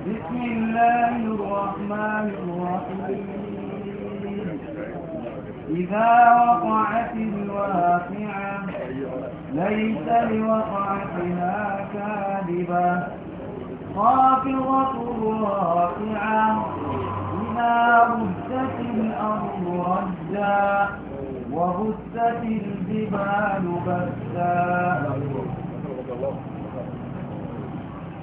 بسم الله الرحمن الرحيم إذا وقعت الواقعة ليس لوقعتها كاذبة خافضة رافعة إذا رجت الأرض رجا وبست الجبال بسا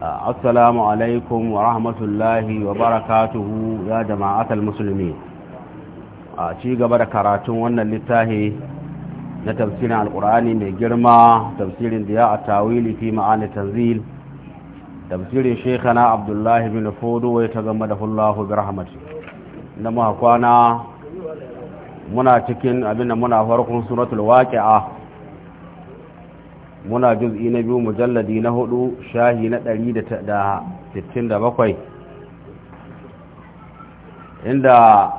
assalamu alaikum wa rahmatullahi wa barakatuhu ya jama'atul musulmi a ci gaba da karatun wannan littafi na tafsirin alqur'ani mai girma tafsirin diya at-tawili fi ma'ani tanzil tafsirin shaykhana abdullah ibn fudu wa yatagammadahullahu bi rahmatih inda muna cikin abinda muna farkon suratul waqi'ah muna juz'i na biyu mujalladi na hudu shahi na ɗari da sittin da bakwai inda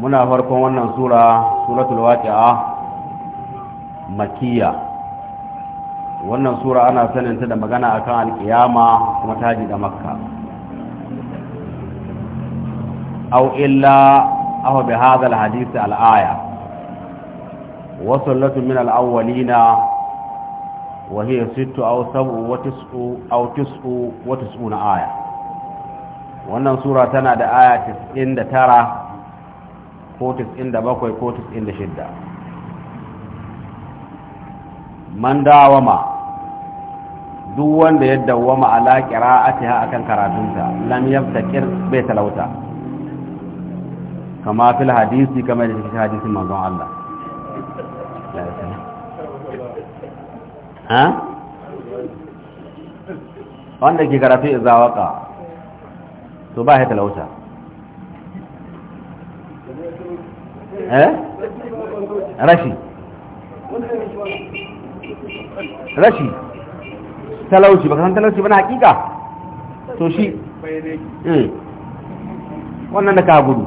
muna farkon wannan sura suratul waqi'a makiya wannan sura ana saninta da magana akan alkiyama kuma taji da makka aw illa aw bi hadha alhadith alaya wa sallatu min alawwalina وهي ست أو سبع وتسع أو تسع وتسعون wannan sura tana da aya 99 ko 97 ko 96 man dawama duk wanda ya dawama ala qira'atiha akan karatunta lam yaftakir bai talauta kama fil hadisi kama da cikin hadisin manzon Allah ha wanda ke karatu za waka to ba ya talauta eh rashi rashi talauci baka san talauci ba na hakika to shi eh. wannan da ka gudu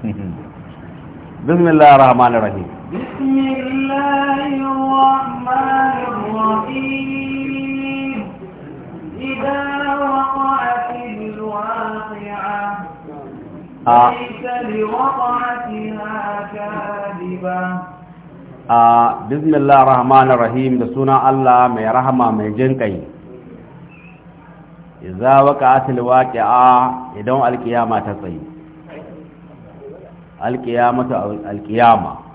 bismillah rahman rahim الله الرحمن a bismillah rahman rahim da suna Allah mai rahama mai jin kai idza waqa'atil waqi'a idan alkiyama ta tsayi alkiyamatu alkiyama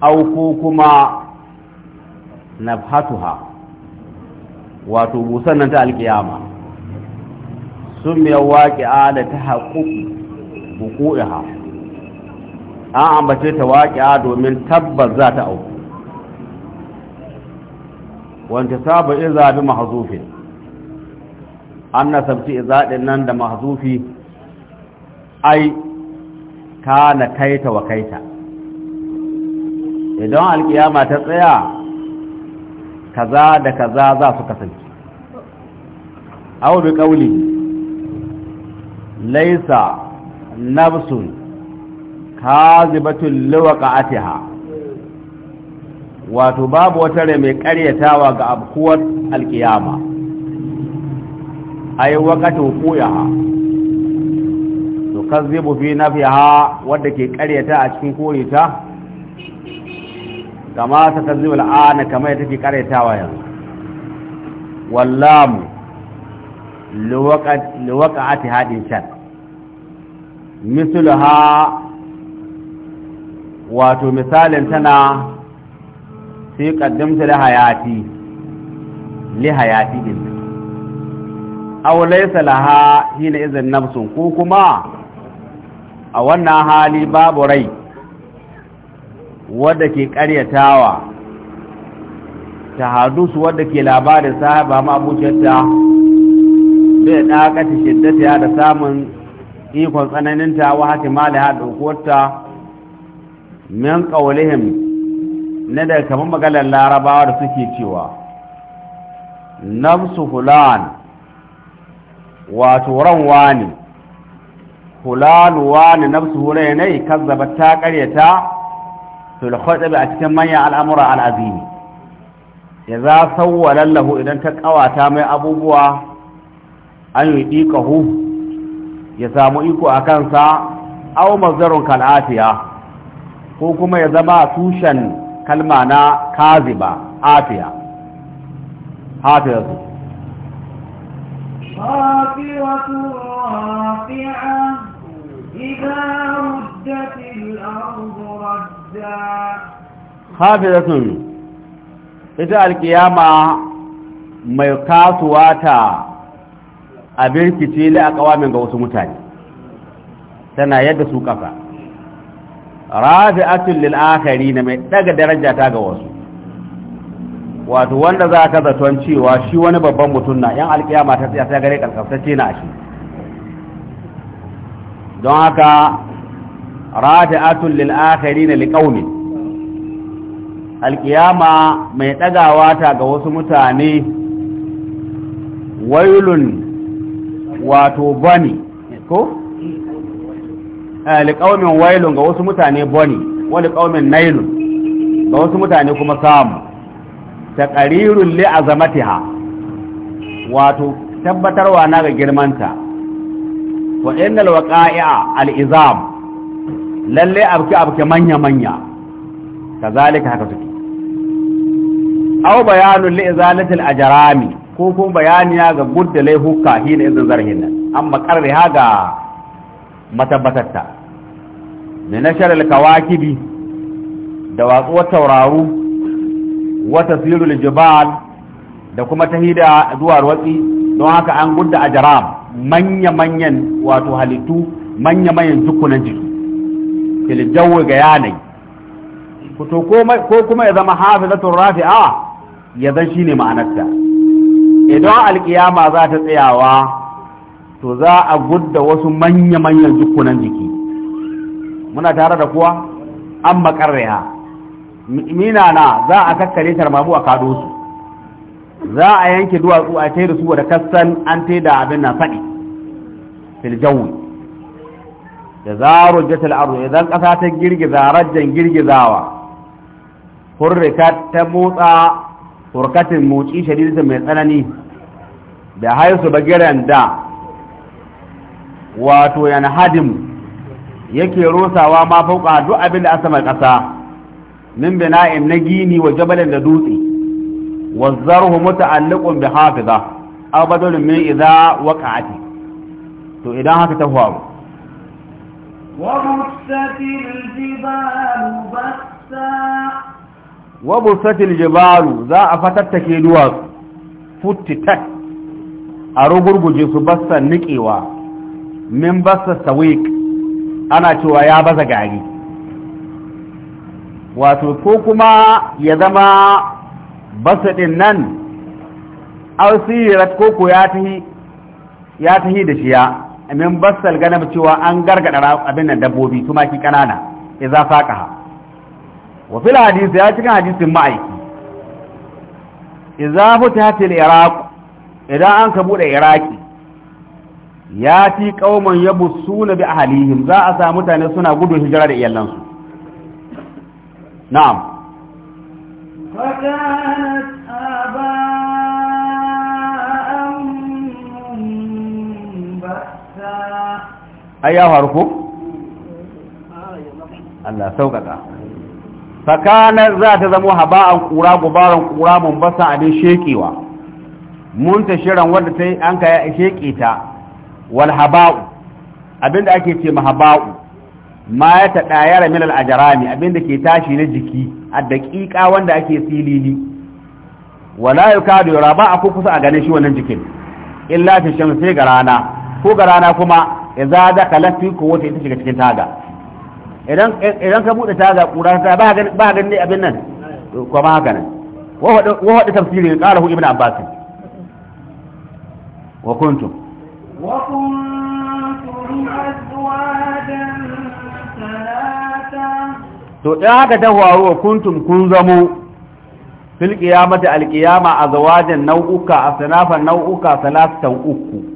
au ko kuma nafhatuha wato busan nan ta alkiyama sun biya waƙi'a da ta haƙuƙi ha an ambace ta waƙi'a domin tabbas za ta auku wanda saba iza bi mahzufin an nasabci iza din nan da mahzufi ai kana kaita wa kaita idan alkiyama ta tsaya kaza da kaza za su kasance aw kauli laisa nafsun kazibatun liwaqa'atiha wato babu wata rai mai karyatawa ga abkuwar alkiyama ay waqatu quyaha to kazibu fi nafiha wanda ke karyata a cikin ta? kama ta kazi wal'ana kamar ya take karaitawa yanzu wallamu liwaƙa'ati haɗin can. shan misulaha wato misalin tana sai ƙaddamta da hayati li hayati din aw laysa laha hina idan nafsun ko kuma a wannan hali babu rai wadda ke karyatawa ta hadusu wadda ke labarin sahaba mabucinta bai ɗakata shiddata da samun ikon tsananinta wa mali malaha ɗaukuwarta min ƙaunihim na daga kamar maganar larabawa da suke cewa nafsu fulan wato ran wani fulan wani nafsu hulai ne zaba ta karyata? to da a cikin manyan al'amura al'azimi ya za sauwalan lahu idan ta ƙawata mai abubuwa an yi ɗiƙahu ya samu iko a kansa au mazarun kal'afiya ko kuma ya zama tushen kalma na kaziba afiya hafiya su إذا رجت الأرض رجا hafizatun ita alkiyama mai kasuwa ta abin kici la aqwamin ga wasu mutane tana yadda su kafa rafi'atul lil akharin mai daga daraja ta ga wasu wato wanda za ka zaton cewa shi wani babban mutum na yan alkiyama ta tsaya ta gare karkaftacce na shi don haka rafi'atun lil akhirin li qaumin alqiyama mai dagawa ta ga wasu mutane wailun wato bani ko eh, li qaumin wailun ga wasu mutane bani wani qaumin nailun ga wasu mutane kuma samu taqarirun li azamatiha wato tabbatarwa na ga girmanta wa innal waqa'i'a al-izam lalle abuke-abuke manya manya kazalika haka suke aw bayanu li izalati al ajrami ko kuma bayani ya ga gudda laihuka hina izin zarhin nan amma karri haga matabbatatta ne na al kawakibi da watsuwar tauraru wata sirul jibal da kuma ta hida duwar watsi don haka an gudda ajram manya-manyan wato halittu manya-manyan dukkanin jiki filjawi ga yanayi to ko kuma ya zama hafizatun rafi'a ya zan shine ma'anarta idan alkiyama za ta tsayawa to za a gudda wasu manya-manyan jikunan jiki muna tare da kuwa an makarriya mina na za a kakkare tarmamu a kado su za a yanke duwatsu a tai da su da kassan an tai da abin na faɗi filjawi da zaro jatal arzu idan ƙasa ta girgiza rajjan girgizawa hurrika ta motsa hurkatin motsi shadidatin mai tsanani da haisu bagiran da wato Yan hadim yake rosawa ma fauka duk abin da asamar ƙasa min bina'in na gini wa jabalin da dutse wa zarhu muta'alliqun bi hafiza aw badalun min idza waqa'ati to idan haka ta faru wa bursati aljibalu za a fatatta ke duwa futti ta a rogurguje su bassan nikewa min bassan sawik ana cewa ya baza gari wato ko kuma ya zama bassadin nan ausirat ko ko ya tahi ya tahi da shiya min basal ganam cewa an gargada abin nan dabbobi tumaki kanana idza faqaha wa fil hadith ya cikin hadisin ma'aiki idza futihat al iraq idan an ka bude iraki ya ti qauman yabsuna bi ahlihim za a sa mutane suna gudu hijira da iyalansu na'am ai ya faru ko Allah sauƙaƙa sakanar za ta zama haba'an kura gubaran ƙura basa abin shekewa mun ta shirin wanda ta yi an ka sheke ta wal haba'u abinda ake ce ma haba'u ma ya ta ɗayara milal ajarami abinda ke tashi na jiki a daƙiƙa wanda ake silili wala ya kado ya kusa a ganin shi wannan jikin illa ta shan sai ga rana ko ga rana kuma idza dakala fi quwwati ita shiga cikin taga idan idan ka bude taga kura ta ba ga ba ga ne abin nan ko ma haka nan wa wa tafsirin hu ibnu abbas wa kuntum wa kuntum azwajan to in haka ta faru wa kuntum kun zamo fil qiyamati al qiyama azwajan nau'uka asnafan nau'uka salatan uku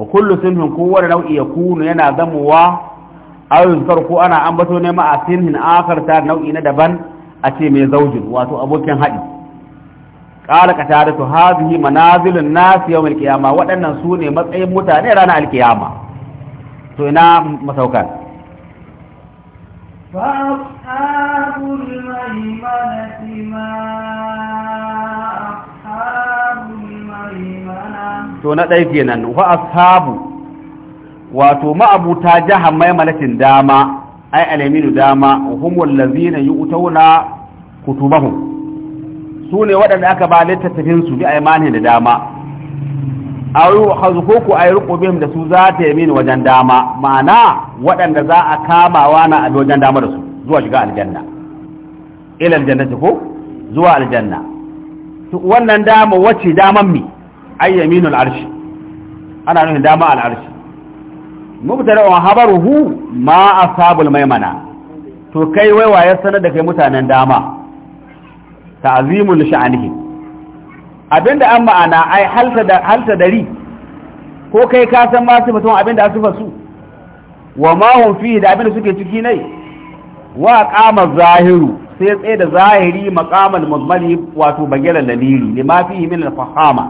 wa kullu sinhin kowane nau'i ya kunu yana zamuwa ayoyin farko ana ambato ne ma a sinhin akar ta nau'i na daban a ce mai zaujin wato abokin haɗi ƙala ka tare su hazihi manazilun nasu yau kiyama waɗannan su ne matsayin mutane ranar alkiyama to ina masaukan فأصحاب الميمنة ما to na ɗaya kenan wa ashabu wato ma'abuta mai malakin dama ai alaminu dama humul ladzina yu'tawna kutubahum sune waɗanda aka ba littattafin su bi aymani da dama ayu hazukuku ay ruqubihim da su za ta yamin wajen dama ma'ana waɗanda za a kamawa na a wajen dama da su zuwa shiga aljanna ila aljanna ko zuwa aljanna wannan dama wacce daman mi ayyaminul arshi ana nufin dama al arshi mubtara wa habaruhu ma asabul maimana to kai wai waye sanar da kai mutanen dama ta'zimul sha'anihi abinda an ma'ana ai halta da halta dari ko kai ka san ma su mutum abinda su wa ma hum fihi da abinda suke ciki nai wa qama zahiru sai tsaye da zahiri maqamal muzmali wato bagiran ne ma fi min al-fahama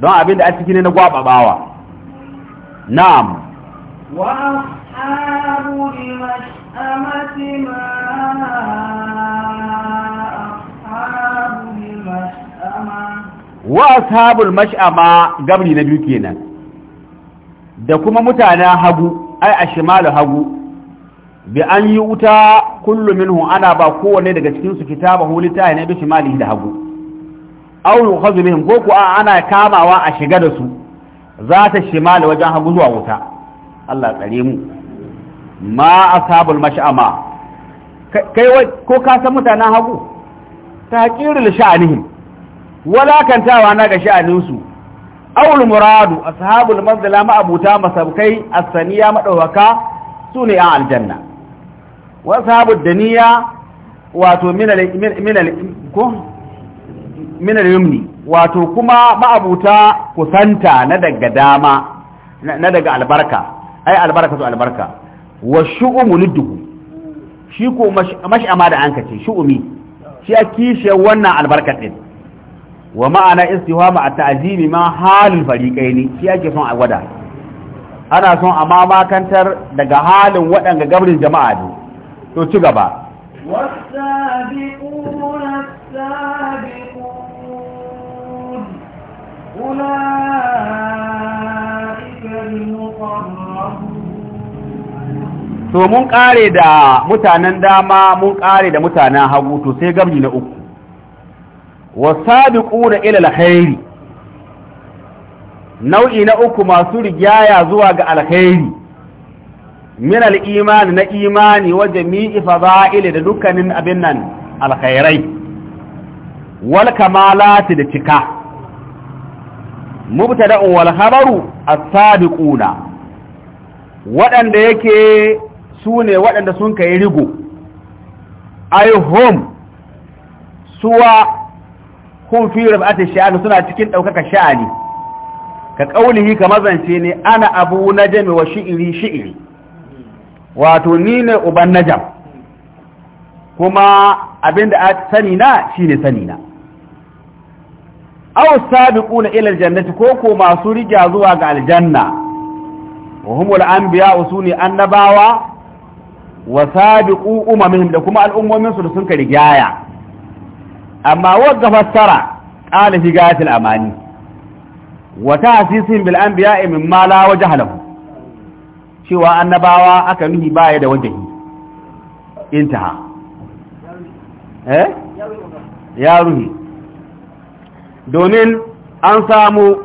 don da a cikin na gwababawa na'am wa ashabul mas'amati ma mas'ama wa ashabul mas'ama gabri na biyu kenan da kuma mutanen hagu ai a shimalu hagu bi an yi wuta kullu minhu ana ba kowanne daga cikin su kitabahu litahi ne bishi malihi da hagu aw yukhadhu bihim ko ku ana kamawa a shiga da su za ta shimali wajen hagu zuwa wuta Allah tsare mu ma ashabul mash'ama kai ko ka san mutanen hagu taqirul sha'anihim Wala walakantawa na ga sha'anin su awul muradu ashabul manzila ma abuta masabkai as-saniya madawaka sune a aljanna Wasu الدنيا واتو من ال من ال من اليمني واتو كما na daga dama na daga albarka ai albarka albarakatu albarka wa shu'umu lidduhu shi ko mash'ama da anka ce shu'umi shi a kishe wannan albarkar din wa ma'ana istihama at-ta'zimi ma halin halul fariqaini shi ake son a gwada ana son a mamakantar daga halin waɗanga gabrin jama'a ne to ci gaba to mun kare da mutanen dama mun kare da mutanen hagu to sai gamji na uku wasabiquna ila alkhairi nau'i na uku masu rigaya zuwa ga alkhairi Minal al-imani na imani wa jami'i fada'ili da dukkanin abin nan alkhairai wal kamalati da cika mubtada'un wal khabaru as-sadiquna waɗanda yake su ne waɗanda sun kai rigo ai hum suwa hum fi rabati sha'ani suna cikin ɗaukaka sha'ani ka ƙaunihi ka mazance ne ana abu na jami wa shi'iri shi'iri wato ni ne uban najam kuma abinda a sani na shine sani na aw na ilal aljannati ko ko masu rija zuwa ga aljanna wa humul anbiya usuni annabawa wa sabiqu umamihim da kuma al'ummomin su sun kari gaya amma wadda fassara qala fi amani wa ta'sisin bil anbiya mimma la wajha cewa annabawa aka nuhi baya da wajen intaha eh? ya ruhi domin an samu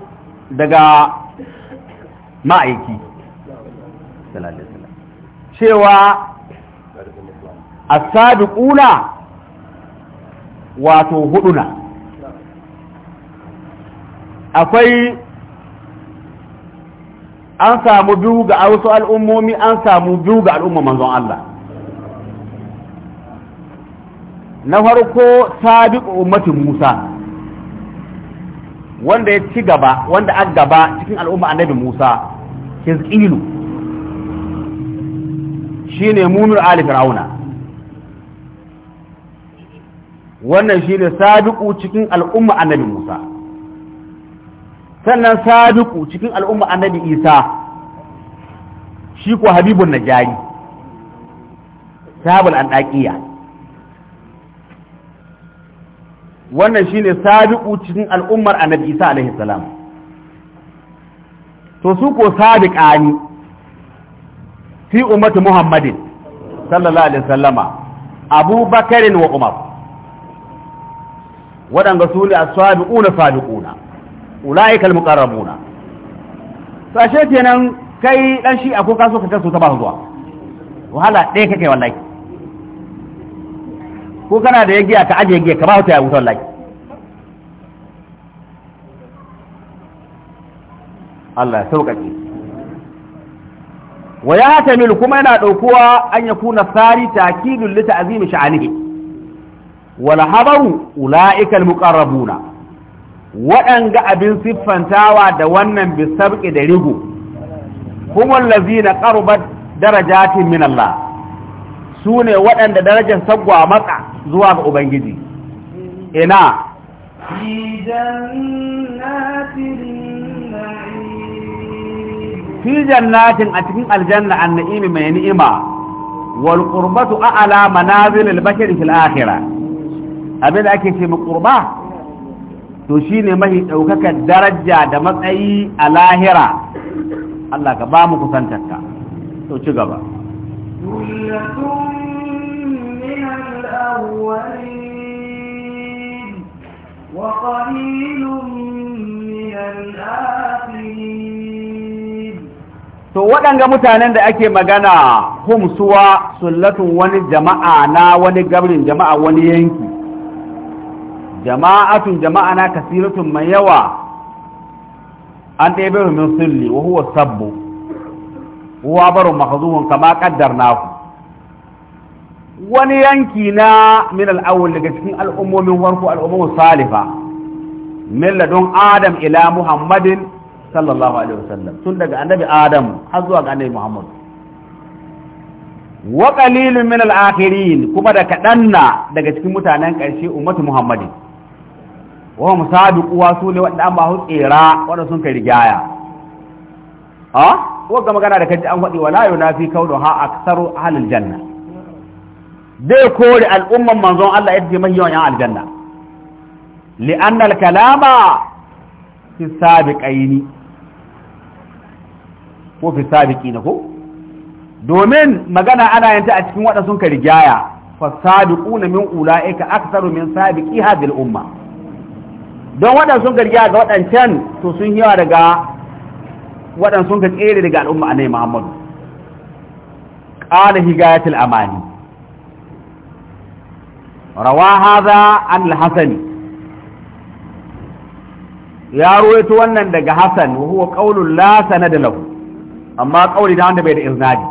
daga ma'aiki cewa a sadu ƙuna wato huduna akwai an samu biyu ga wasu al'ummomi an samu biyu ga al'umma manzon Allah na farko sabi ummatin Musa wanda ya ci gaba wanda an gaba cikin al'umma annabi Musa shi ne munir ali fir'auna wannan shi ne sabiqu cikin al'umma annabi Musa sannan sadiku cikin al'umma annabi isa shi ko habibun jari sabul an andaqiya wannan shi ne sadiku cikin al'ummar annabi isa alaihi salam to su ko sadiqani fi ummati muhammadin sallallahu alaihi wasallama abubakarin wa umar waɗanda su ne a sabi'una sabi'una ula'ikal muqarrabuna to ashe kenan kai dan shi ko kaso ka kaso ta ba zuwa wahala ɗaya kake wallahi ko kana da yagiya ka aje yagiya ka ba ta wuta wallahi Allah ya sauƙaƙe wa ya tamil kuma yana ɗaukuwa an ya kuna tsari takidun lita ta'zimi sha'anihi wal habaru ula'ikal muqarrabuna waɗanga abin siffantawa da wannan bisabki da rigo kuma lazina qarubat darajatin min Allah su waɗanda darajar sagwa matsa zuwa ga Ubangiji ina fi jannatin a cikin aljanna anna'imi mai ni'ima wal qurbatu a'la manazilil bashar fil akhirah abin da ake ce mu qurba to shi ne mahi ɗaukakar daraja da matsayi a lahira Allah ka ba mu kusantarka to ci gaba To waɗanga mutanen da ake magana humsuwa sullatun wani jama'a na wani gabrin jama'a wani yanki jama'atun jama'a na kasiratun mai yawa an ɗaya bai min sulli wa huwa sabbu huwa barin makazuhun kama kaddar naku wani yanki na min al'awul daga cikin al'ummomin warku al'ummomin salifa min ladun adam ila muhammadin sallallahu alaihi wasallam tun daga annabi adam har zuwa ga annabi muhammad wa qalilun min al-akhirin kuma da kadanna daga cikin mutanen ƙarshe ummatu muhammadin wa musabiquwa su ne wanda an ba su tsira wanda sun kai rigaya ha ko ga magana da kaji an faɗi wala yunafi kaulu ha aktsaru ahlil janna dai kore al'umman manzon Allah yadda mai yawan yan aljanna li'anna al-kalama fi sabiqaini ko fi sabiqina ko domin magana ana yanta a cikin wanda sun kai rigaya fasabiquna min ulaika aktsaru min sabiqi hadhihi al-umma don waɗansu gargiya ga waɗancan to sun yawa daga waɗansu ga tsere daga al'umma a muhammadu ƙala higayatul amani rawa haza an hasani ya ruwaito wannan daga Hassan, wa ƙaunin lasana da lau. amma ƙauri da wanda bai da iznadi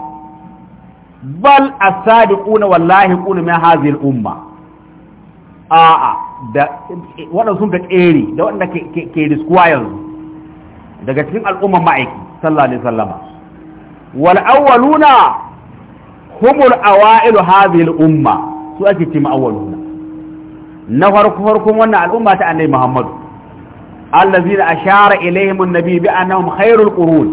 bal a sadi ƙuna wallahi ƙuna mai hadhihi umma a'a da waɗanda sun ka da waɗanda ke riskuwa yanzu daga cikin al'umman ma'aiki sallallahu alaihi sallama wal awwaluna humul awailu hadhihi al umma su ake cewa awwaluna na farko farkon wannan al'umma ta annabi Muhammad allazina ashara ilaihim an-nabi bi annahum khairul qurun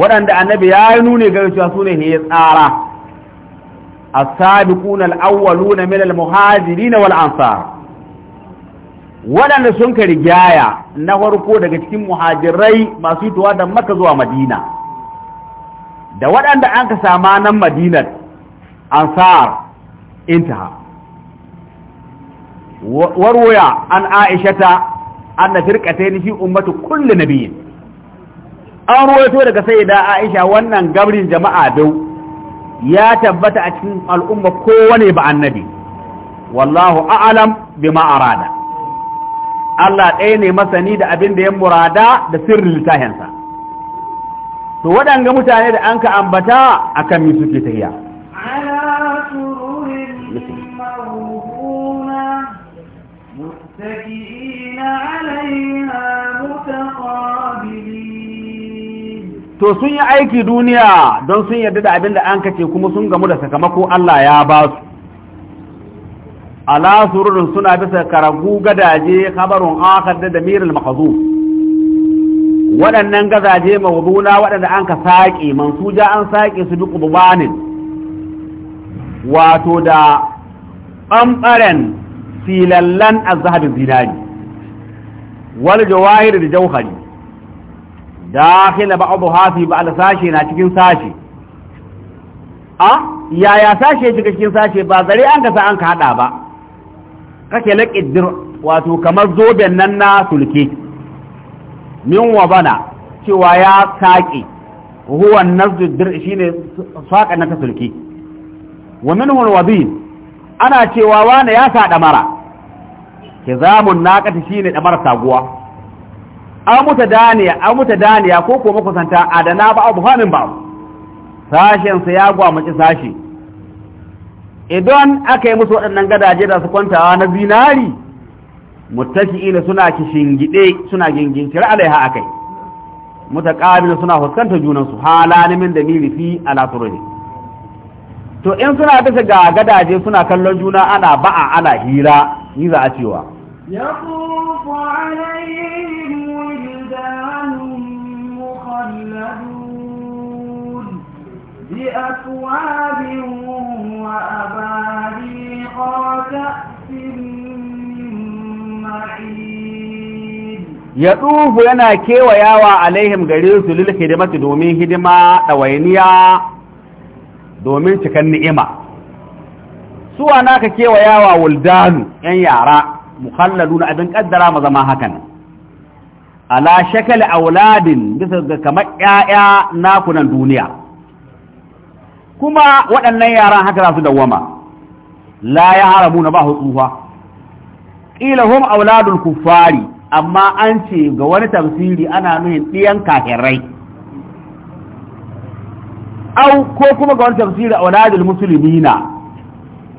waɗanda annabi ya nune ga cewa sune ne ya tsara A sabiquna al-awwaluna min al-muhajirin waɗanda sun ka rigaya na farko daga cikin muhajirai masu fitowa da maka zuwa madina da waɗanda an ka sama nan madinar ansar intaha warwaya an aishata an na firkata ni shi ummatu kulli nabiyin an ruwaito daga sai da aisha wannan gabrin jama'a biyu ya tabbata a cikin al'umma kowane ba annabi wallahu a'lam bima arada Allah ɗaya ne masani da abin da ya murada da sirrin littafinsa to waɗanga mutane da an ka ambata akan mi suke tafiya to sun yi aiki duniya don sun yarda da abin da an kace kuma sun gamu da sakamako Allah ya ba su ala sururin suna bisa karagu gadaje khabarun akhar da damirul mahzuf waɗannan gazaje mawduna waɗanda an ka saƙi mansuja an saƙe su duk bubanin wato da ɓamɓaren filallan azhabin zinari wal jawahir da jauhari dakila ba'dhu hafi ba'al sashi na cikin sashi a yaya sashi shiga cikin sashi ba zare an ka sa an ka hada ba kake laqidir wato kamar zoben nan na sulke min wa bana cewa ya saki huwa nazdu dir shine saka na ta sulke wa minhu alwadin ana cewa wani ya sa damara kizamun naqati shine damar saguwa an muta daniya an muta daniya ko ko makusanta adana ba abu hamin ba sashen sa ya mace sashi idan aka yi musu waɗannan gadaje da su kwantawa na zinari muttaki'ina suna kishingide suna gingincir alaiha akai mutaqabil suna fuskantar junan su min da miri fi ala turuni to in suna bisa ga gadaje suna kallon juna ana ba'a ana hira ni za a cewa yaqufu alayhi بأكواب وأباريق وكأس من معين يطوف لنا كيوى ياوى عليهم غريس للخدمة دومين da دوينية domin cikan ni'ima suwa naka kewayawa wuldanu yan yara muhallalu na abin ƙaddara ma zama hakan ala a auladin bisa ga kamar yaya nakunan nan duniya kuma waɗannan yaran haka za su dawwama la ya haramu na ba tsufa ƙila hum auladul kufari amma an ce ga wani tafsiri ana nuhin ɗiyan kafirai au ko kuma ga wani tafsiri auladul musulmina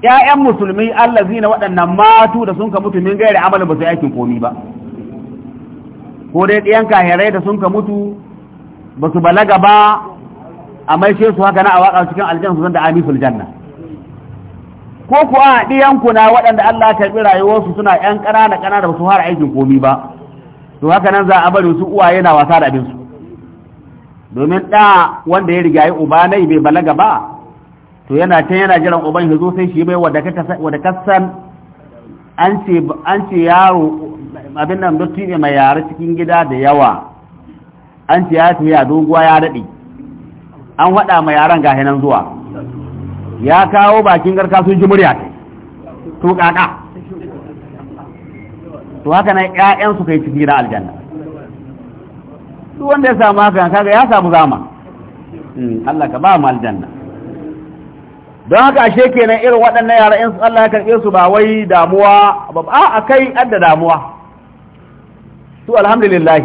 ƴaƴan musulmi Allah zina waɗannan matu da sun ka mutu min gairi amalin ba su aikin komi ba ko dai ɗiyan kahirai da sun ka mutu ba su balaga ba a shi su haka na a waƙa cikin aljanna su da aniful janna ko kuwa a kuna na waɗanda Allah ka bi rayuwarsu suna ƴan ƙanana ƙanana ba su fara aikin komi ba to haka nan za a bari su uwaye na wasa da abinsu domin ɗa wanda ya riga ya uba nai bai balaga ba to yana can yana jiran uban ya zo sai shi bai wadda san an ce yaro abin nan ne mai yare cikin gida da yawa an ce ya tafi a doguwa ya daɗe an faɗa ma yaran ga nan zuwa ya kawo bakin garka sun ji murya ta to kaka to haka nan ƴaƴan su kai ciki na aljanna duk wanda ya samu haka kaga ya samu zama hmm, Allah ka ba mu aljanna don haka ashe kenan irin waɗannan yara in Allah ya karɓe su ba wai damuwa ba a kai adda damuwa su alhamdulillah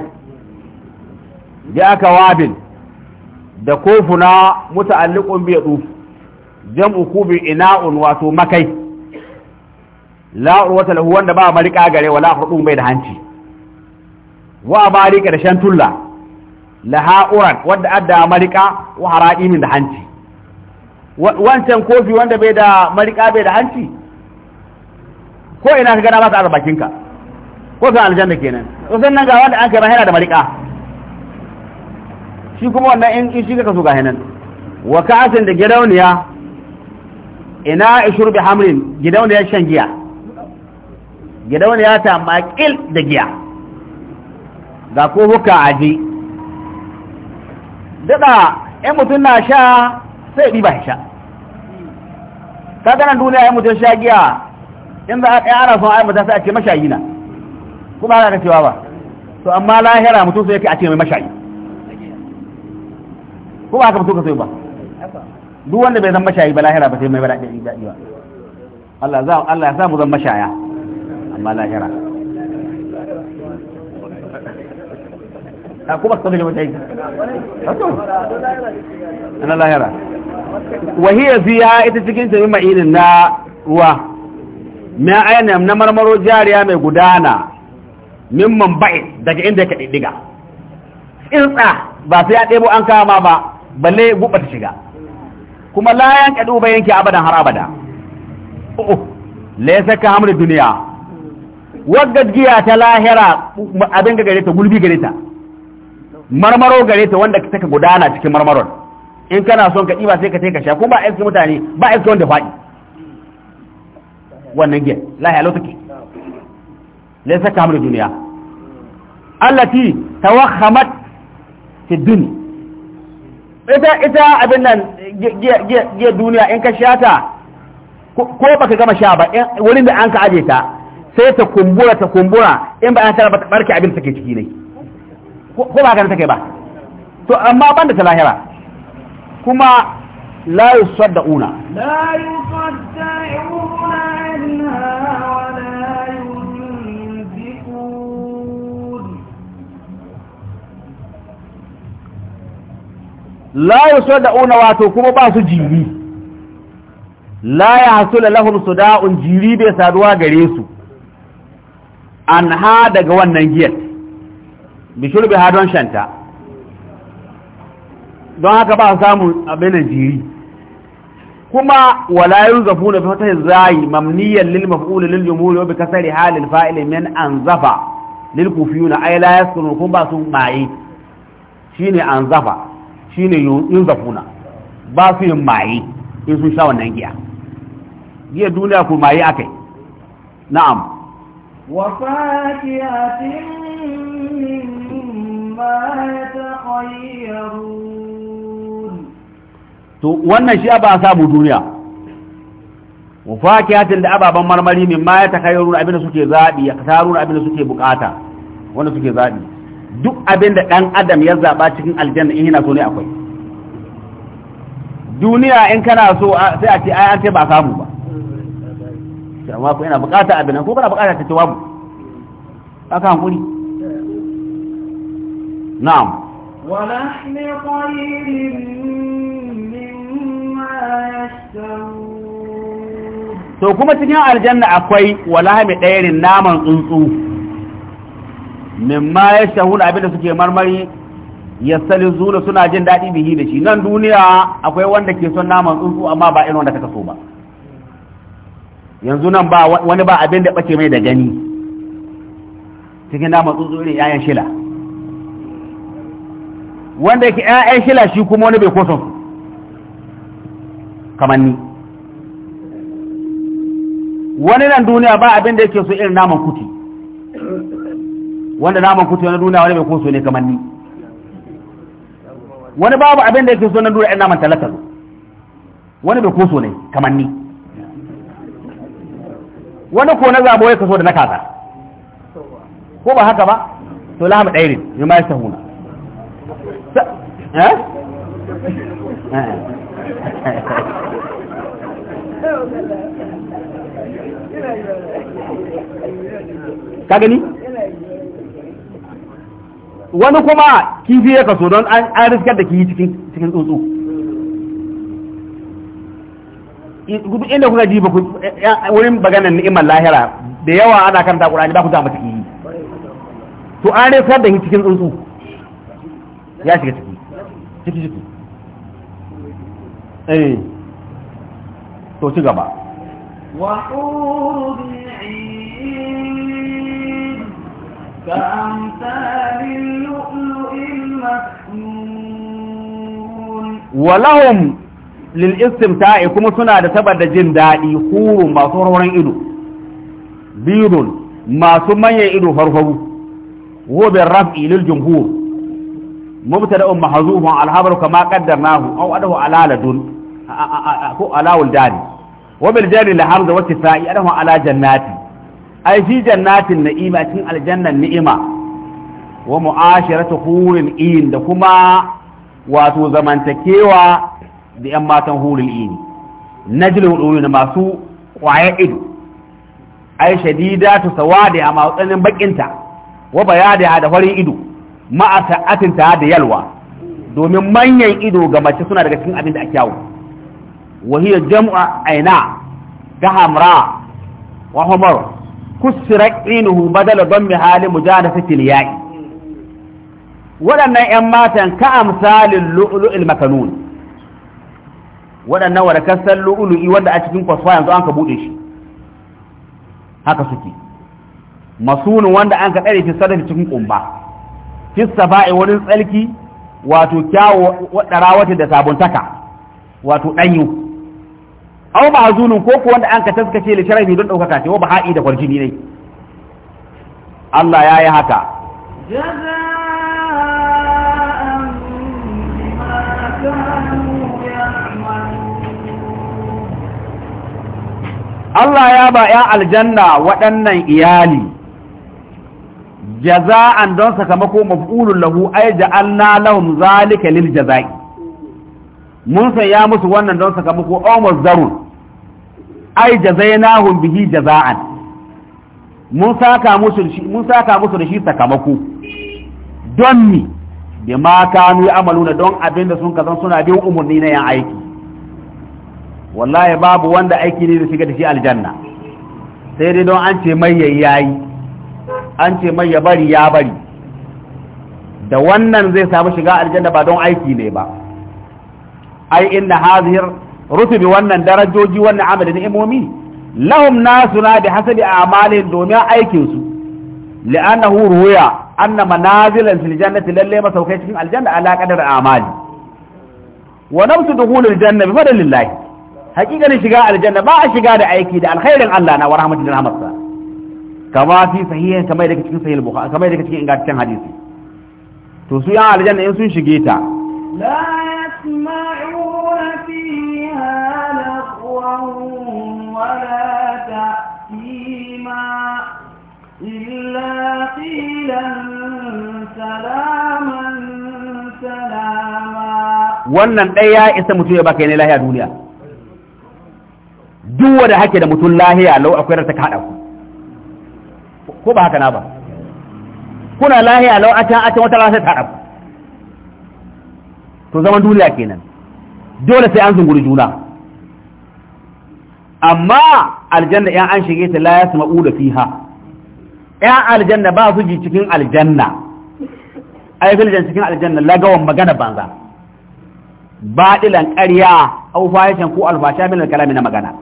ja aka wabin da kofuna muta'alliqun bi yaduf jam'u kubi ina'un wato makai la wata lahu wanda ba marika gare wala hudu bai da hanci wa barika da shantulla laha uran wanda adda marika wa haraqimin da hanci wancan kofi wanda bai da marika bai da hanci ko ina ka gana ba ta arbakinka ko sai aljanna kenan to sannan ga wanda an kai ba yana da marika shi kuma wannan in shi ka so gahi nan wa ka'asin da gidauniya ina ishur bi hamrin gidauniya shan giya gidauniya ta maƙil da giya ga ko huka aji daga in mutum na sha sai ɗiba sha ta ganin duniya in mutum sha giya in za a ɗaya ana son aibata sai a ce mashayi na kuma ana cewa ba to amma lahira mutum sai yake a ce mai mashayi ko ba ka fito ka so ba duk wanda bai zama shayi ba lahira ba sai mai bada ɗin daɗi ba Allah za Allah ya samu zama shaya amma lahira a kuma sanin wata yi na lahira wahiyar fiya ita cikin tabi ma'inin na ruwa mai ayyana na marmaro jariya mai gudana min mambai daga inda ka ɗiɗɗiga tsintsa ba sai ya ɗebo an kama ba balle gubba ta shiga kuma la yanka duba yanke abadan har abada oh laysa ka amru duniya wagga giya ta lahira abin ga gareta gulbi gareta marmaro gareta wanda wanda taka gudana cikin marmaron in kana son ka ɗiba sai ka sai sha kuma ba aiki mutane ba aiki wanda faɗi wannan giya lahiya lau take laysa ka amru duniya allati tawakhamat fi dunya ita ita abin nan giya duniya in ka sha ta ko baka gama sha ba wurin da an ka aje ta sai ta kumbura ta kumbura in ba an tara ba ta barke abin take ciki ne ko ba ka take ba to amma da ta lahira kuma la yusaddauna la yusaddauna la una wato kuma ba su jiri la hasula lahum suda'un jiri bai saduwa gare su an ha daga wannan giyar bishir bai hadon shanta don haka ba samun abinan jiri kuma wala yuzafuna bi fatah zai mamniyan lil maf'ul lil jumhur wa bi kasri hal al fa'il min anzafa lil kufiyuna ay la yaskunu kun ba sun maye shine anzafa shine yin zafuna ba su yin maye in sun sha wannan giya giya duniya ko maye akai na'am wa to wannan shi ba samu duniya wa fakihatin da ababan marmari mimma yatakhayyarun abinda suke zabi ya kasarun abinda suke bukata wanda suke zabi duk abin da ɗan adam ya zaɓa cikin aljanna in yana so ne akwai duniya in kana so sai a ce ai an ce ba samu ba amma ko ina bukata abin nan ko kana bukata ta tawabu aka hankuri na'am ولحم طير mimma يشتهون to kuma cikin aljanna akwai walahami dairin naman tsuntsu ma ya shahun abinda suke marmari ya sali zuna suna jin daɗi bihi da shi nan duniya akwai wanda ke son naman tsuntsu amma ba irin wanda kaka so ba yanzu nan ba wani ba abin da ɓace mai da gani cikin naman tsuntsu ne yayan shila wanda yake yayan shila shi kuma wani bai koson su kamar ni wani nan duniya ba abin da yake so irin naman kuti wanda naman kutu na duniya wani mai kunso ne kamar ni wani babu abin da yake so na duniya ɗan naman zo wani mai kunso ne kamar ni wani ko na zabo ya kaso da na kasa ko ba haka ba to lahamu ɗairin ya ma ya huna eh? ka gani wani kuma kifi ya kaso don an riskar da kifi cikin cikin tsuntsu inda kuka ji wurin maganar ni'imar lahira da yawa ana kan ta ne ba ku zama ciki to an riskar da cikin tsuntsu ya shiga ciki ciki ciki eh to ci gaba كأمثال مسنون ولهم للاستمتاع كما سنة تبدا جن دادي حور ما سرورن إدو بيض ما سمي إدو فرفو هو بالرفع للجمهور مبتدا محذوف على الخبر كما قدرناه او اده على لدن هو على ولدان وبالجار لحمزه والتفاعي اده على جناتي اي في جنات النعيمه الجنه النعيمه wa mu'asharatu hurul in da kuma wato zamantakewa da yan matan hurul in najlu uluna masu kwaya ido ai shadida ta sawadi a matsanin bakinta wa bayada da farin ido ma'asa sa'atin ta da yalwa domin manyan ido ga mace suna daga cikin abin da a yawo wa hiya jam'a aina ta hamra wa humar kusira inuhu badala dhammi hali mujadasati al yaki waɗannan 'yan matan ka amsalin lu'lu'il makanun waɗannan warakasar lu'lu'i wanda a cikin kwasfa yanzu an ka buɗe shi haka suke masunin wanda an ka tsare fi sadar cikin ƙumba fissa ba'i wani tsalki wato kyawo ɗarawata da sabuntaka wato ɗanyu au ba zunin ko wanda an ka taskace da sharafi don ɗaukaka ce wa ba ha'i da kwarjini ne Allah ya yi haka Allah ya ba ‘yan aljanna waɗannan iyali jaza'an don sakamako maf'ulun lahu ai ja'alna lahum zalika lil jaza'i mun san ya musu wannan don sakamako umar zarun ai jazainahum bihi jaza'an mun saka musu musu da shi sakamako don ni ma kanu ya'maluna don abin da sun kazan suna biyu umarni na yan aiki wallahi babu wanda aiki ne da shiga da shi aljanna sai dai don an ce mai yayi an ce mai ya bari ya bari da wannan zai samu shiga aljanna ba don aiki ne ba ai inna haziyar, rutubi wannan darajoji wannan amalin imomi lahum nasuna bi hasabi a'malin domin aikin su li'annahu ruya anna manazilan fil jannati lalle masaukai cikin aljanna ala qadar a'mali wa nafsu dukhulul janna da fadlillahi haƙiƙanin shiga aljanna ba a shiga da aiki da alkhairin Allah na wa rahmatin da rahmatsa kama fi sahihin kamar daga cikin sahih bukhari kamar daga cikin ingantaccen hadisi to su yan aljanna in sun shige ta la yasma'una fiha laqwan wala ta'ima illa qilan salaman salama wannan ɗaya ya isa mutum ya baka ne lahiya duniya duk wanda hake da mutum lahiya lau akwai ranta ka hada ku ko ba haka na ba kuna lahiya lau a can wata rana sai ta hada ku to zaman duniya kenan dole sai an zunguri juna amma aljanna ya an shige ta la yasma'u da fiha ya aljanna ba su ji cikin aljanna ai filjan cikin aljanna lagawan magana banza baɗilan ƙarya au fahishan ko alfasha min kalami na magana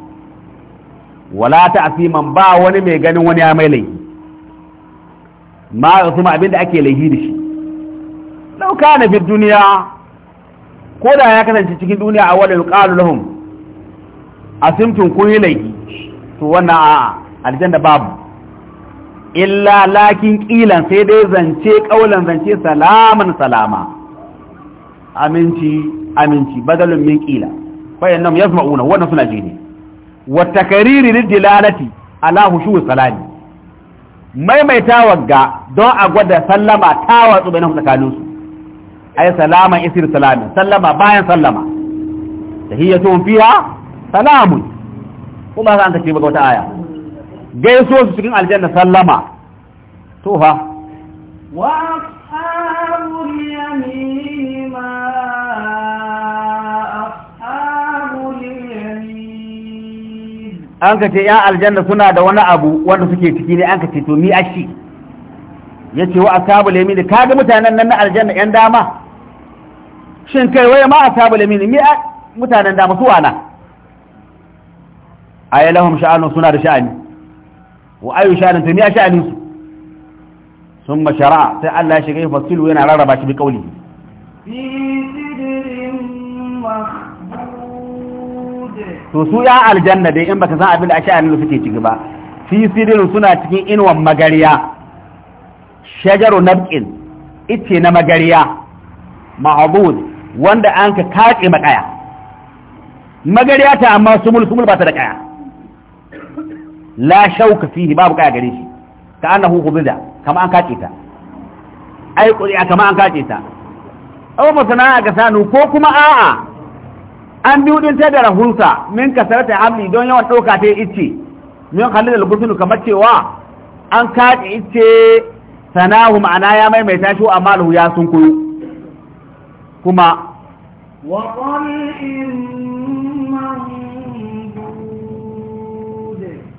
wala ta asiman ba wani mai ganin wani ya mai laifi ma kuma abinda ake laifi da shi Ɗauka na fi duniya ko da ya kasance cikin duniya a wadda yuqalu lahum asimtum kun yi laifi to wannan a aljanda babu illa lakin kilan sai dai zance kaulan zance salaman salama aminci aminci badalun min kila fa yannam yasma'una wannan suna jini wa takariri lidilalati ala hushu salami maimaitawa ga don a gwada sallama ta watsu bainahu tsakanin su ay salama isir salami sallama bayan sallama tahiyatun fiha salamun kuma za ka ce maka wata aya gaiso su cikin aljanna sallama an ka ce 'yan aljanna suna da wani abu wanda suke ciki ne an ka ce to mi ashi ya ce wa ashabul lemi ne kaga mutanen nan na aljanna 'yan dama shin kai waye ma ashabul yamin mi mutanen dama su wana yi lahum sha'anu suna da sha'ani wa ayu sha'anin to mi sha'anin su summa shara'a sai Allah ya shiga fasilu yana rarraba shi bi qawlihi to su ya aljanna dai in baka san abin da annabi suke ciki ba fi sidirin suna cikin inuwan magariya shajaru nabqin ice na magariya ma'bud wanda an ka kace makaya magariya ta amma sumul sumul ba ta da kaya la shauka fihi babu kaya gare shi ka annahu khubza kama an kace ta ai kuri kama an kace ta abu masana ga sanu ko kuma a'a an biyu da rahunsa min kasarata amli don yawan ɗauka ta ice min halin al kamar cewa an kaɗe ice sanahu ma'ana ya maimaita shi amma ya sun kuyu kuma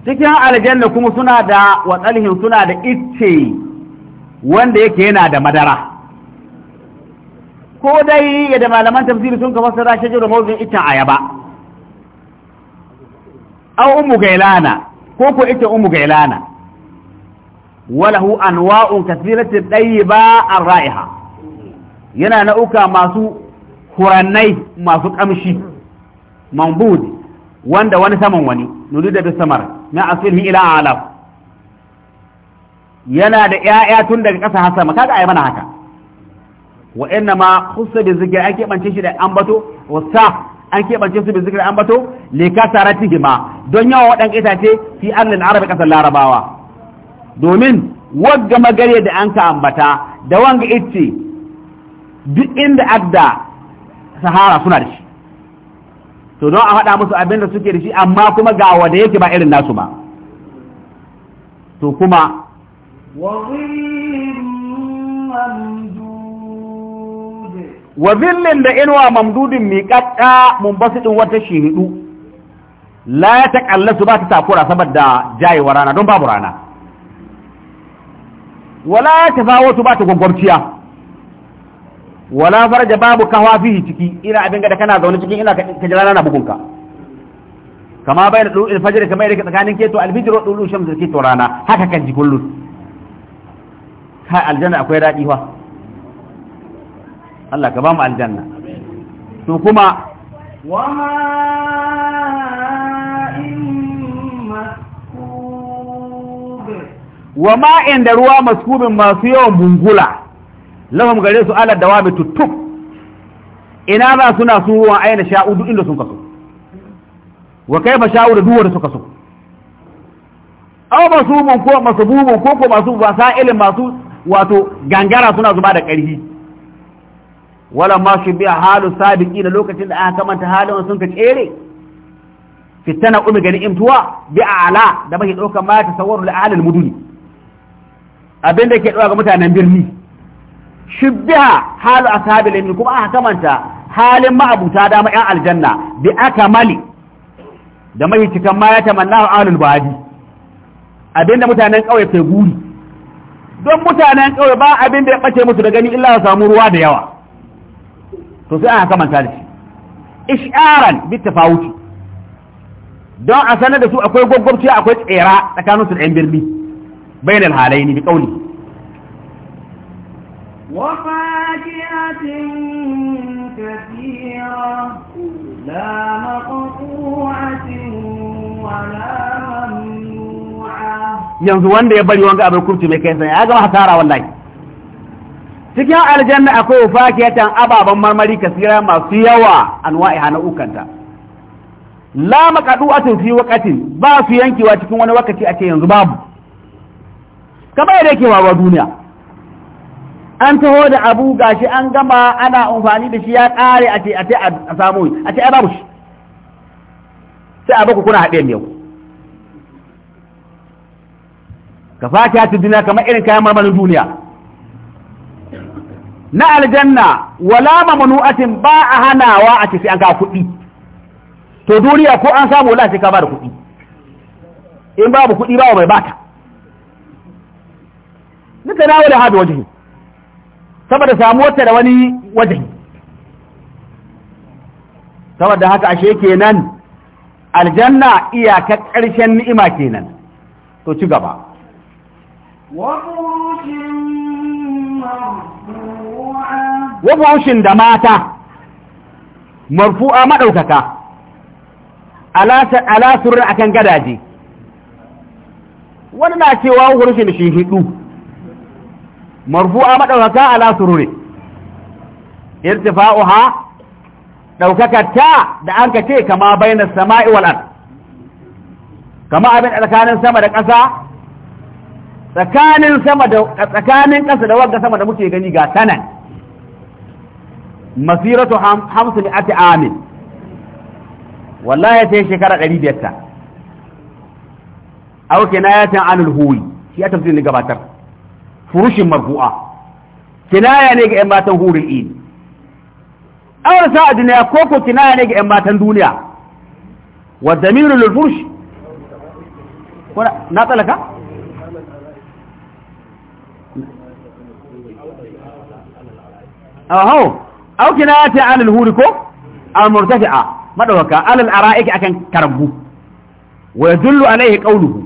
cikin aljanna kuma suna da watsalhin suna da ice wanda yake yana da madara ko dai yadda malaman tafsiri sun kafa sun shi jiru mawuzin ita ayaba aw ummu gailana ko ko ita ummu gailana walahu anwa'un ɗaya tayyiba ar-ra'iha yana nauka masu kurannai masu kamshi mambudi wanda wani saman wani da bi samar na aslihi ila alaf yana da 'ya'ya tun daga ƙasa har sama kaga ayi mana haka wa inna ma khussa bi zikri an kebance shi da ambato wa sa an keɓance su bi zikri ambato li kasaratihima don yawa waɗan itace fi annal arabi kasar larabawa domin wagga magare da an ka ambata da wanga ice duk inda adda sahara suna da shi to don a faɗa musu abin da suke da shi amma kuma ga wanda yake ba irin nasu ba to kuma wa wa zillin da inuwa mamdudin miƙaƙƙa mumbasitin wata shihidu la ya su ba ta takura saboda jayewa rana don babu rana wala ya wasu ba ta gwagwarciya wala farja babu kawa fi ciki ina abin gada kana zaune cikin ina ka jira rana na bugunka kama bai da dulu alfajr kama yake tsakanin keto alfijr dulu shamsu keto rana haka kan ji kullun kai aljanna akwai daɗi fa Allah ka ba mu aljanna su kuma wa ma wa ma inda ruwa maskubin masu yawan bungula lahum gare su ala dawami tutub ina za suna su ruwan aina sha'udu inda sun kaso wa kaifa sha'udu duwar suka so aw mun ko masubun ko ko masu wasa ilin masu wato gangara suna zuba da ƙarfi wala ma shi biya halu sabiki da lokacin da aka kamanta halin sun ka kere fitana umi gani imtuwa bi ala da bai dauka ma tasawwarul alal muduni abin da ke dauka ga mutanen birni shibbiha halu ashabil ilmi kuma aka kamanta halin ma'abuta da 'yan aljanna bi akamali da mai cikan ma ya tamanna alul badi da mutanen kauye ke guri don mutanen kauye ba abin da ya bace musu da gani illa samu ruwa da yawa to sai aka manta da shi isharan bi tafawuti don a sanar da su akwai gwaggwabci akwai tsera tsakanin su da yan birni bayan alhalai ne bi kauli yanzu wanda ya bari wanga abin kurti mai kai sai ya gama hasara wallahi cikin aljanna akwai fakiyatan ababen marmari kasira masu yawa anwa'iha na ukanta la atin fi waqatin ba su yankewa cikin wani wakati a ce yanzu babu kamar yadda yake wawa duniya an taho da abu gashi an gama ana amfani da shi ya kare a ce a ce a samu a ce babu shi sai a baku kuna haɗe ne ka fatiha ta dina kamar irin kayan marmarin duniya na aljanna wala mamnu'atin ba a hanawa a ce sai an ka kuɗi to duniya ko an samu wala sai ka ba da kuɗi in babu kuɗi ba mai bata duka na wala hadu wajihi saboda samuwar ta da wani wajihi saboda haka ashe kenan aljanna iyakar ƙarshen ni'ima kenan to ci gaba wa wa fahushin da mata marfu'a maɗaukaka ala surra akan gadaje wani na cewa hurshin shi hidu marfu'a maɗaukaka ala surure irtifa'uha ɗaukakarta da an ka ce kama bainar sama'i wal ard kama abin tsakanin sama da ƙasa tsakanin ƙasa da wagga sama da muke gani ga sanan masiratu hamsin ati amin wallahi ya ce shekara ɗari biyar ta auke na ya tan anul huwi shi ya tafsir ni gabatar furushin marfu'a kinaya ne ga yan matan hurin in awar sa'a duniya ko ko kinaya ne ga yan matan duniya wa damiru lil furush na tsalaka ahau au ce alal huri ko al murtafi'a madawaka alal ara'iki akan karbu wa yadullu alaihi qawluhu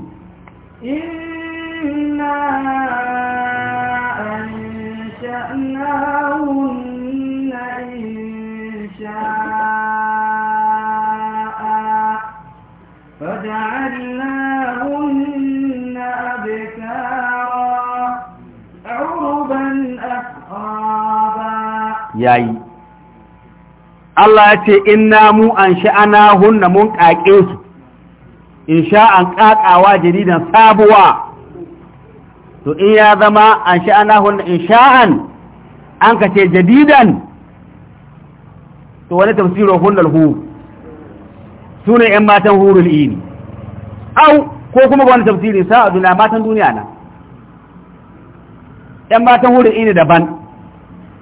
yayi Allah ya ce inna mu an sha'ana hunna mun ƙaƙe su in sha'an ƙaƙawa jaridan sabuwa to in ya zama an sha'ana hunna in sha'an an ka ce jadidan to wani tafsirin hunnal hu su ne ‘yan matan hurul ini au ko kuma wani tafsirin na matan duniya na ‘yan matan hurul ini daban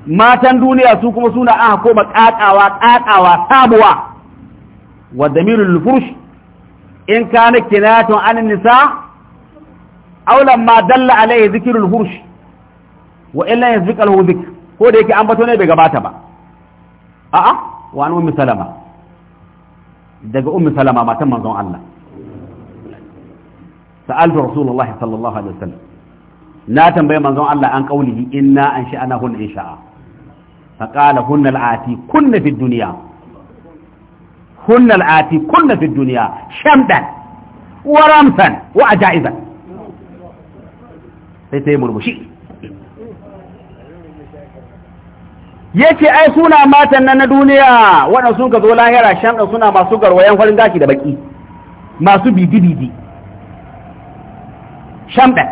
matan duniya su kuma suna aka koma ƙaƙawa ƙaƙawa sabuwa wa damirul furush in kana kinatun an nisa aulan ma dalla alaihi zikirul furush wa illa yazikal hu zikr ko da yake an bato ne bai gabata ba a'a wa an ummi salama daga ummi salama matan manzon Allah sa'altu rasulullahi sallallahu alaihi wasallam na tambaye manzon Allah an kaulihi inna an sha'ana hun insha'a فقال هن الآتي كن في الدنيا هن الآتي كن في الدنيا شمدا ورمثا وأجائزا سيتيم المشيء yace ai suna matan nan na duniya waɗanda sun ka zo lahira shamdan suna masu garwayen farin gashi da baki masu bidi-bidi shamdan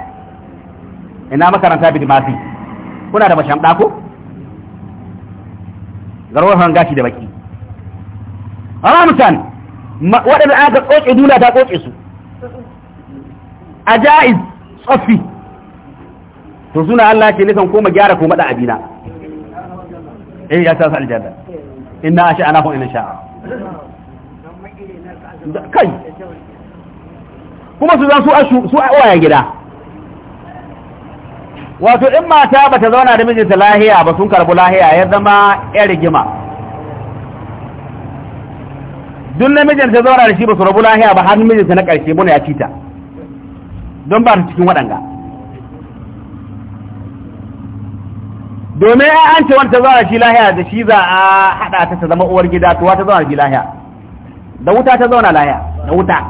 ina makaranta bidi mafi kuna da mashamda ko garwar gashi da baki A ramtan waɗanda aka tsoke dula ta tsoke su a ja'iz tsoffi to suna Allah ke nikan koma gyara ko maɗa abina eh ya sa su aljada. inna a sha'ana kun ina sha'a kai kuma su zan su a waya gida wato in mata ba ta zauna da mijinta lahiya ba sun karbi lahiya ya zama ya rigima duk namijin ta zauna da shi ba su rabu lahiya ba har mijinta na ƙarshe muna ya ci ta don ba ta cikin waɗanga domin an ce wanda ta zauna da shi lahiya da shi za a haɗa ta ta zama uwar gida tuwa ta zauna da shi lahiya da wuta ta zauna lahiya da wuta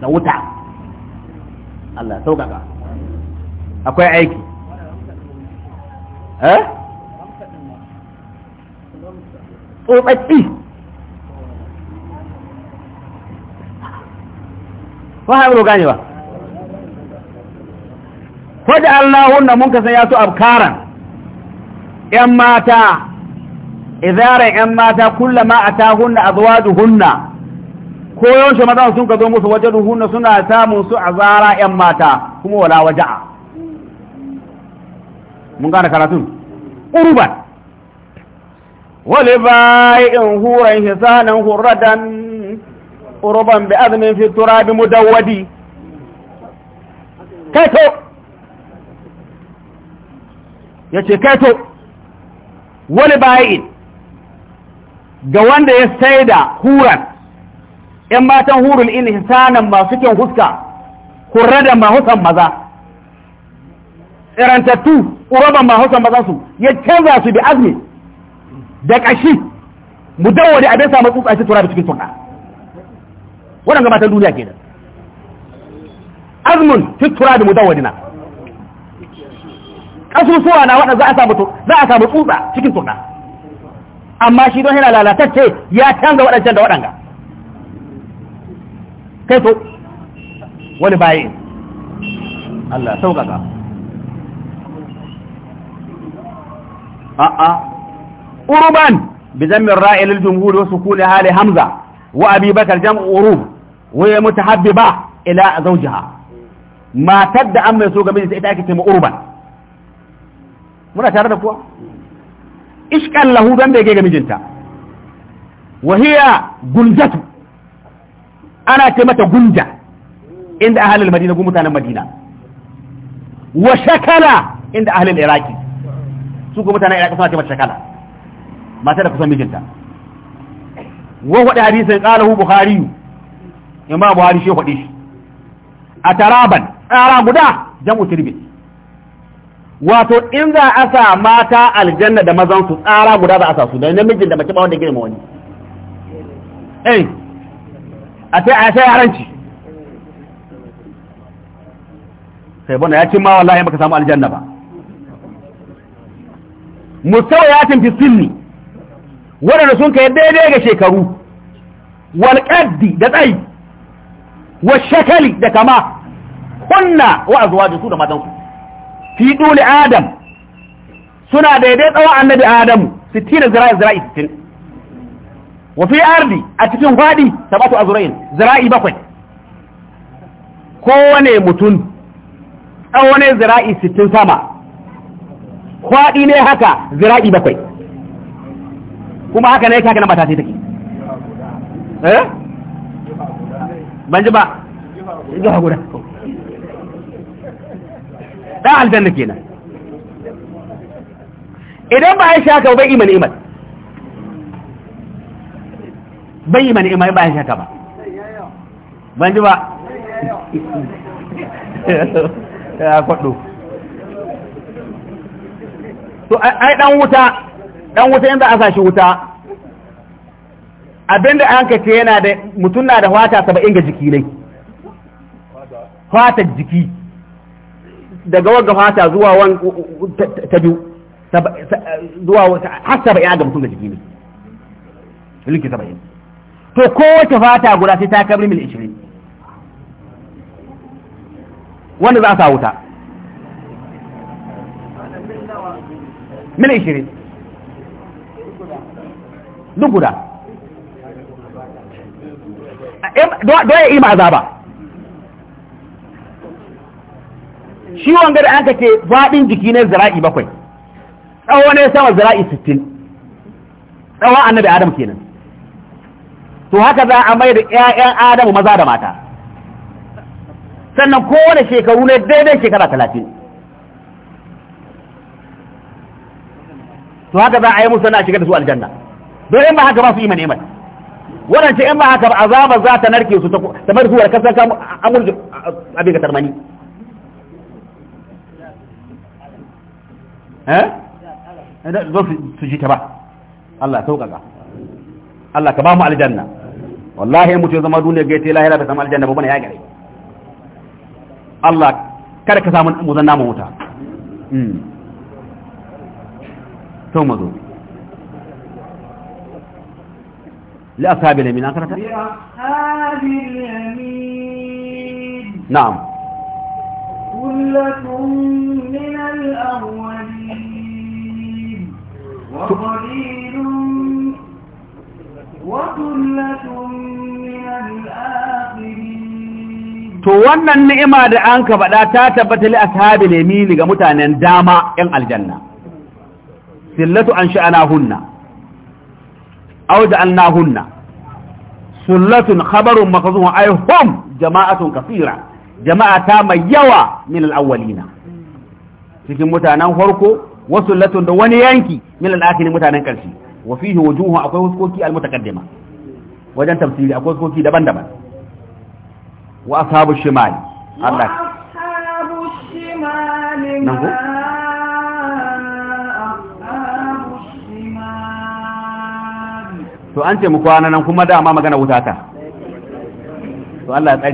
da wuta Allah sauƙaƙa akwai aiki eh tsotsatsi ko haɗu gane ba ko da mun kasan ya abkaran ‘yan mata izaran ‘yan mata kullama a ta hunna a zuwa ko yaushe maza sun ka zo musu wajen hunna suna samun su a zara ‘yan mata kuma wala waja'a mun gane karatun urban wali in huran hisanan huradan urban bi azmin fi turabi mudawadi kaito yace kaito wali in ga wanda ya saida huran ‘yan matan hurul in hisanan masu kyan huska hurradan mahusan maza irantattu uraban ma hausa ba za su ya canza su bi azmi da kashi mu dawo da abin samu tsutsa shi tura da cikin tuka wannan gabatar duniya kenan azmun fi tura da mu kasusuwa na ƙasusuwa za a samu za a samu tsutsa cikin tuka amma shi don yana lalatacce ya canza waɗancan da waɗanga. kai to wani baye Allah sauƙaƙa a'a uruban bi zammin ra'il al-jumhur wa sukuni hali hamza wa abi bakar jam'u urub wa ya mutahabbiba ila zawjiha matar da an mai so game da ita ake cewa urban muna tare da kuwa Ishqan lahu dan da ga mijinta wa hiya gunjatu ana ce mata gunja inda ahalul madina gun mutanen madina wa shakala inda ahalul iraki su kuma mutanen iraki suna ce kala ba ta da kusan mijinta wa wada hadisin qalahu bukhari imam buhari shi hudi a taraban tsara guda jamu tirbi wato in za a sa mata aljanna da mazan su tsara guda za a sa su da namijin da mace ba wanda girma wani eh a sai a sai haranci sai bana ya cin ma wallahi baka samu aljanna ba mustawayatin fi sinni waɗanda sun kai daidai ga shekaru wal da tsayi wa shakali da kama kunna wa azwajin su da matansu fi dole adam suna daidai tsawon annabi adamu 60 zira'i zira'i 60 wa fi ardi a cikin fadi sabatu azrain zira'i bakwai kowane mutum tsawon zira'i 60 sama kwaɗi ne haka zira'i bakwai kuma haka ne ya haka nan ba ta take eh ban ji ba jiha guda dan aljanna kenan idan ba ya shaka bai imani iman bai imani iman ba ya shaka ba ban ji ba ya kwaɗo to ai dan wuta dan wuta inda aka shi wuta abinda an kace yana da mutum na da fata saba'in ga jiki ne fatar jiki daga wanga fata zuwa wan ta biyu zuwa har saba'in ga mutum ga jiki ne linki saba'in to kowace fata guda sai ta kabri mil ishirin wanda za a sa wuta mil ishirin duk guda don ya ma azaba shi wanga da aka ke faɗin jiki na zira'i bakwai tsawo ne sama zira'i sittin tsawon annabi adam kenan to haka za a mai da 'ya'yan adamu maza da mata sannan kowane shekaru ne daidai shekara talatin to haka za a yi musu na shiga da su aljanna don in ba haka ba su imani imani wadance in ba haka ba azaba za ta narke su ta bar su war kasar abin ka tarmani eh zo su ji ta ba Allah sauƙaƙa Allah ka ba mu aljanna wallahi zama duniya lahira samu aljanna ba bane ya gare Allah kada ka samu mu zanna mu to mu zo لأصحاب اليمين أقرأت لأصحاب اليمين نعم كلة من الأولين وقليل وكلة من الآخرين to wannan ni'ima da an ka faɗa ta tabbata li ashabil yamin ga mutanen dama 'yan aljanna sillatu an sha'anahunna aw ja'alnahunna sullatun khabarun makhzum ay hum jama'atun kathira jama'ata mai yawa min al-awwalina cikin mutanen farko wa sullatun da wani yanki min al-akhirin mutanen karshe wa fihi wujuhu akwai huskoki al-mutaqaddima wajen tafsiri akwai huskoki daban-daban wa ashabu shimali Allah ashabu shimali to an ce mu kwana nan kuma dama magana wuta ta to Allah ya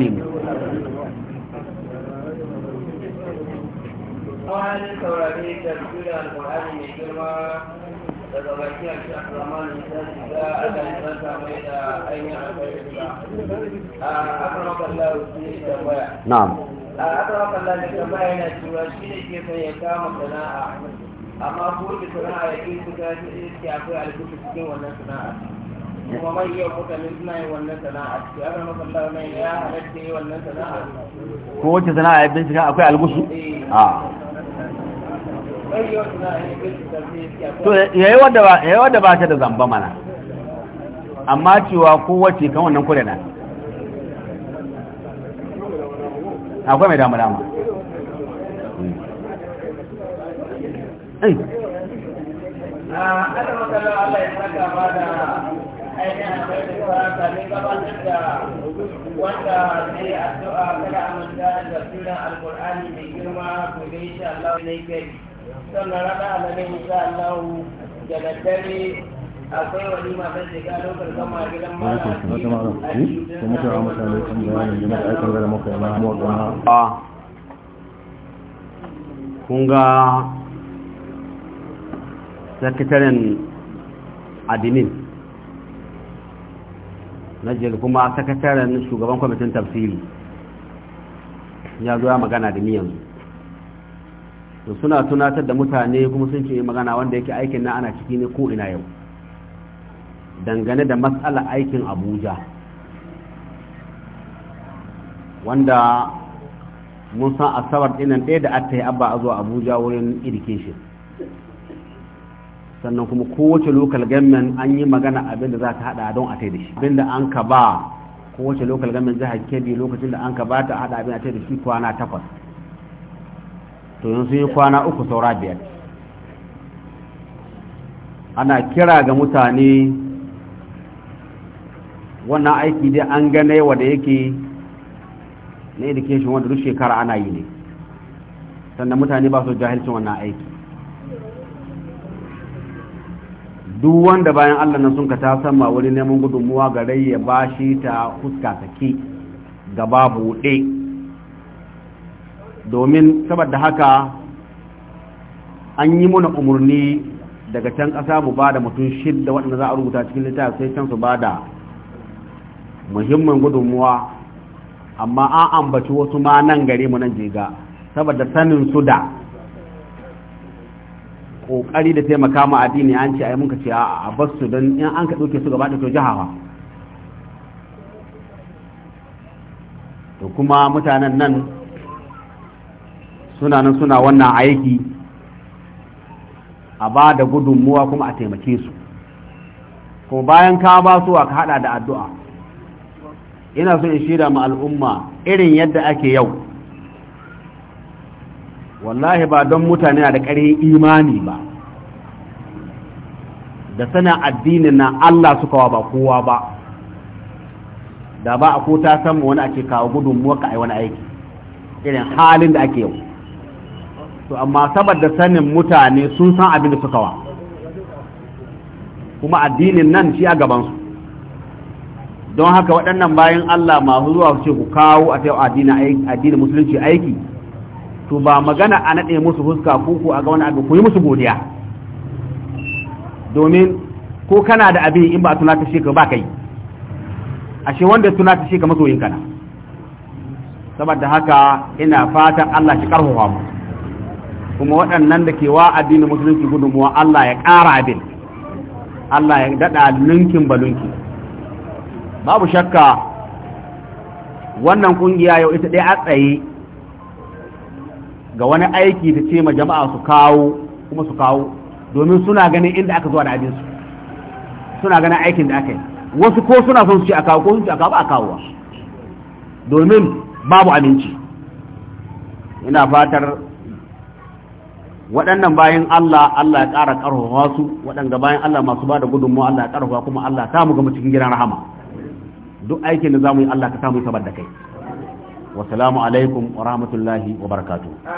tsare mu na'am a akwai kallon da baya yana cewa shi ne ke son ya kama sana'a amma ko da sana'a ya ke ke akwai alkutu cikin wannan sana'a ومن يمت wannan ya yi bincika akwai algusu eh. ah. a to yayi wanda ba ta da zamba mana amma cewa ko wacce kan wannan kure na akwai mai damu damu a Allah ya saka ba ainihin akwai cewa wanda zai addu'a kada a manta da alkur'ani mai girma Allah ne Allah da daddare shiga gama gidan mara a cikin lokacin da muka kun ga sakataren adinin najil kuma sakataren shugaban kwamitin tafsiri ya zo ya magana da niyan su suna tunatar da mutane kuma sun ce eh magana wanda yake aikin na ana ciki ne ko ina yau dangane da matsala aikin abuja wanda mun san asabar dinan ɗaya da atayi yi abba a zuwa abuja wurin education sannan kuma kowace local government an yi magana abin da za ta hada don a da shi abin da an ka ba kowace local government jihar kebbi lokacin da an ka ba ta hada abin a da shi kwana takwas to yanzu yi kwana uku saura biyar ana kira ga mutane wannan aiki dai an gane wanda yake na education wanda duk shekara ana yi ne sannan mutane ba su jahilcin wannan aiki duk wanda bayan Allah na sun ka ta sama wani neman gudunmuwa ga rai ya ba shi ta fuska sake gaba buɗe domin saboda haka an yi muna umarni daga can ƙasa mu ba da mutum shidda waɗanda za a rubuta cikin littafi sai can su ba da muhimmin gudunmuwa amma an ambaci wasu ma nan gare mu nan jega saboda sanin su da kokari da taimaka ma addini an ce ai muka ce a bar su don in an ka dauke su gaba da to jihawa to kuma mutanen nan suna nan suna wannan aiki a ba da gudunmuwa kuma a taimake su kuma bayan ka ba su ka hada da addu'a ina so in shirya ma al'umma irin yadda ake yau wallahi ba don mutane da ƙarfin imani ba da sana addini na Allah suka wa ba kowa ba da ba a ko san wani ake kawo gudun ka ai wani aiki irin halin da ake yau to amma saboda sanin mutane sun san abin da suka wa kuma addinin nan shi a gaban su, don haka waɗannan bayan Allah masu zuwa su ce ku kawo a ta addinin musulunci aiki to ba magana a naɗe musu fuska ko a ga wani abu ku yi musu godiya domin ko kana da abin in ba a tunata shi ka ba kai ashe wanda ya tunata shi ka masoyin kana saboda haka ina fatan Allah shi karfafa mu kuma waɗannan da ke wa addinin musulunci gudunmuwa Allah ya ƙara abin Allah ya daɗa ninkin balunki babu shakka wannan ƙungiya yau ita ɗaya a tsaye ga wani aiki ta ce ma jama'a su kawo kuma su kawo domin suna ganin inda aka zuwa da abinsu suna ganin aikin da aka yi wasu ko suna son su ce a kawo ko sun ce a kawo ba a kawo domin babu aminci ina fatar waɗannan bayan Allah Allah ya ƙara ƙarfafa su waɗanda bayan Allah masu ba da gudunmawa Allah ya ƙarfafa kuma Allah ta mu gama cikin gidan rahama duk aikin da za mu yi Allah ka samu sabar da kai wasalamu alaikum wa rahmatullahi wa barakatuh